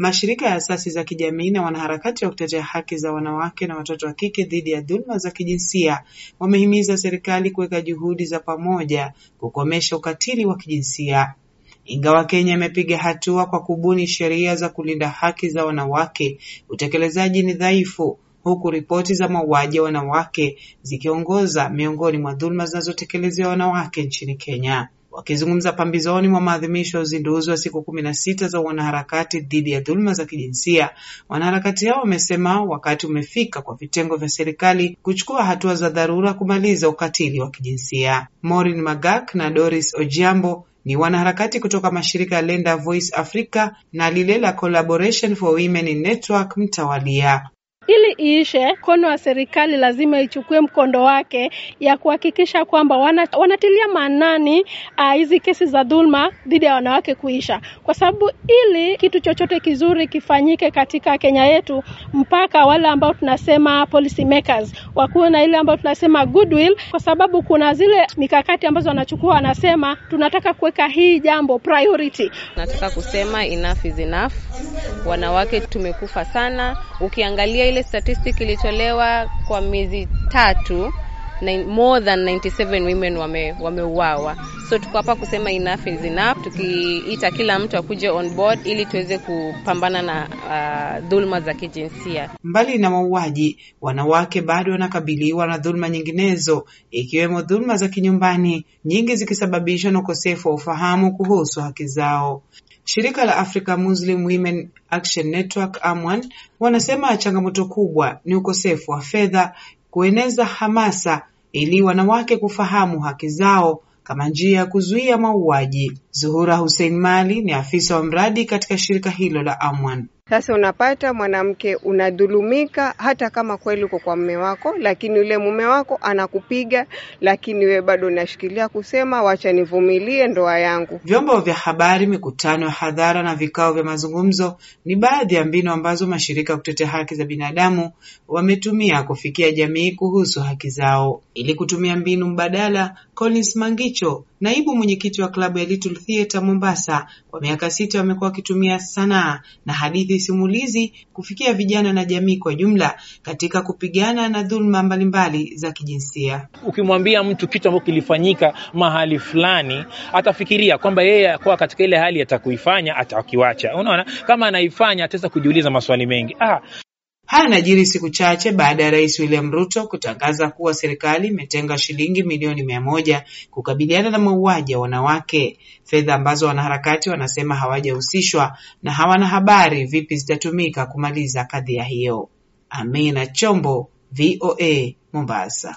mashirika ya asasi za kijamii na wanaharakati wa kutetea haki za wanawake na watoto wa kike dhidi ya dhuluma za kijinsia wamehimiza serikali kuweka juhudi za pamoja kukomesha ukatili wa kijinsia. Ingawa Kenya imepiga hatua kwa kubuni sheria za kulinda haki za wanawake, utekelezaji ni dhaifu, huku ripoti za mauaji ya wanawake zikiongoza miongoni mwa dhuluma zinazotekelezewa wanawake nchini Kenya. Wakizungumza pambizoni mwa maadhimisho ya uzinduzi wa siku kumi na sita za wanaharakati dhidi ya dhuluma za kijinsia, wanaharakati hao wamesema wakati umefika kwa vitengo vya serikali kuchukua hatua za dharura kumaliza ukatili wa kijinsia. Maureen Magak na Doris Ojiambo ni wanaharakati kutoka mashirika ya Lenda Voice Africa na lile la Collaboration for Women in Network mtawalia ili iishe, mkono wa serikali lazima ichukue mkondo wake ya kuhakikisha kwamba wana, wanatilia maanani ah, hizi uh, kesi za dhulma dhidi ya wanawake kuisha, kwa sababu ili kitu chochote kizuri kifanyike katika Kenya yetu, mpaka wale ambao tunasema policy makers wakuwe na ile ambayo tunasema goodwill, kwa sababu kuna zile mikakati ambazo wanachukua, wanasema tunataka kuweka hii jambo priority. Nataka kusema enough is enough. Wanawake tumekufa sana, ukiangalia ile ile statistic ilitolewa kwa miezi tatu na more than 97 women wame wameuawa, so tuko hapa kusema enough is enough, tukiita kila mtu akuje on board ili tuweze kupambana na uh, dhulma za kijinsia. Mbali na mauaji, wanawake bado wanakabiliwa na dhulma nyinginezo, ikiwemo dhulma za kinyumbani, nyingi zikisababishwa na ukosefu wa ufahamu kuhusu haki zao. Shirika la Africa Muslim Women Action Network AMWAN wanasema changamoto kubwa ni ukosefu wa fedha kueneza hamasa ili wanawake kufahamu haki zao kama njia ya kuzuia mauaji. Zuhura Hussein Mali ni afisa wa mradi katika shirika hilo la AMWAN. Sasa unapata mwanamke unadhulumika, hata kama kweli uko kwa mume wako, lakini yule mume wako anakupiga, lakini wewe bado unashikilia kusema wacha nivumilie ndoa yangu. Vyombo vya habari, mikutano ya hadhara na vikao vya mazungumzo ni baadhi ya mbinu ambazo mashirika ya kutetea haki za binadamu wametumia kufikia jamii kuhusu haki zao. Ili kutumia mbinu mbadala, Collins Mangicho, naibu mwenyekiti wa klabu ya Little Theatre Mombasa, kwa miaka sita wamekuwa wakitumia sanaa na hadithi simulizi kufikia vijana na jamii kwa jumla katika kupigana na dhuluma mbalimbali za kijinsia. Ukimwambia mtu kitu ambacho kilifanyika mahali fulani, atafikiria kwamba yeye kwa katika ile hali atakuifanya atakiwacha. Unaona, kama anaifanya ataweza kujiuliza maswali mengi ah. Haya yanajiri siku chache baada ya Rais William Ruto kutangaza kuwa serikali imetenga shilingi milioni mia moja kukabiliana na mauaji ya wanawake, fedha ambazo wanaharakati wanasema hawajahusishwa na hawana habari vipi zitatumika kumaliza kadhia hiyo. Amina Chombo, VOA, Mombasa.